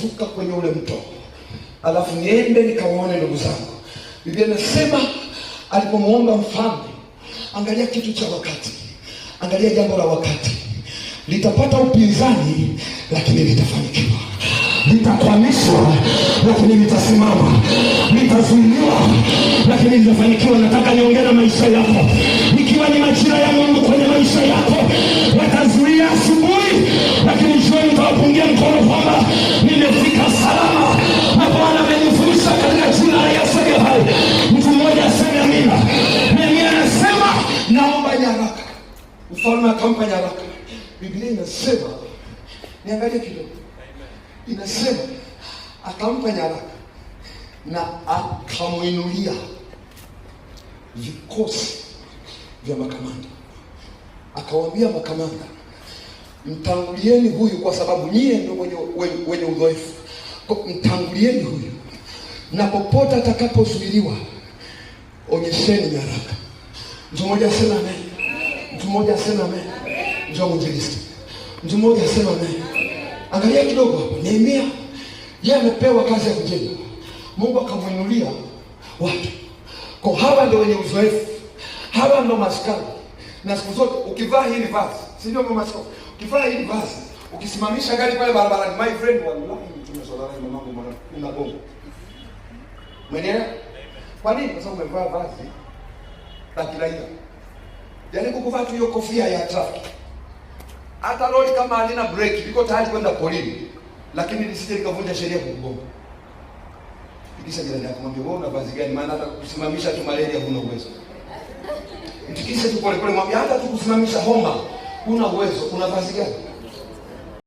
kuvuka kwenye ule mto, alafu niende nikawaone ndugu zangu. Biblia inasema alipomwomba mfalme, angalia kitu cha wakati, angalia jambo la wakati, litapata upinzani lakini litafanikiwa, litakwamishwa lakini litasimama, litazuiliwa lakini litafanikiwa. Nataka niongee na maisha yako. Mfalme akampa nyaraka. Biblia inasema niangalie kidogo, inasema akampa nyaraka na akamwinulia vikosi vya makamanda, akawaambia makamanda, mtangulieni huyu kwa sababu nyie ndio wenye, wenye udhoefu mtangulieni huyu, na popote atakapozuiliwa onyesheni nyaraka. Mtu mmoja asema amen. Mtu mmoja asema amen. Njoo mwinjilisti. Mtu mmoja asema amen. Angalia kidogo hapa. Nehemia yeye amepewa kazi ya kujenga. Mungu akamwinulia watu. Kwa hawa ndio wenye uzoefu. Hawa ndio maskani. Na siku zote ukivaa hili vazi, si ndio mama sio? Ukivaa hili vazi, ukisimamisha gari pale barabarani, my friend wallahi mtume sallallahu alaihi wasallam mwana una bomu. Mwenye? Kwa nini? Kwa sababu umevaa vazi la kiraia. Yaani kukuvaa tu hiyo kofia ya trafiki. Hata lori kama halina breki liko tayari kwenda polini, lakini lisije likavunja sheria kukugonga. Tikisa jirani yako mwambie wewe una vazi gani maana hata kusimamisha tu malaria huna uwezo. Mtikise tu pole pole mwambie hata tu kusimamisha homa huna uwezo, una vazi gani?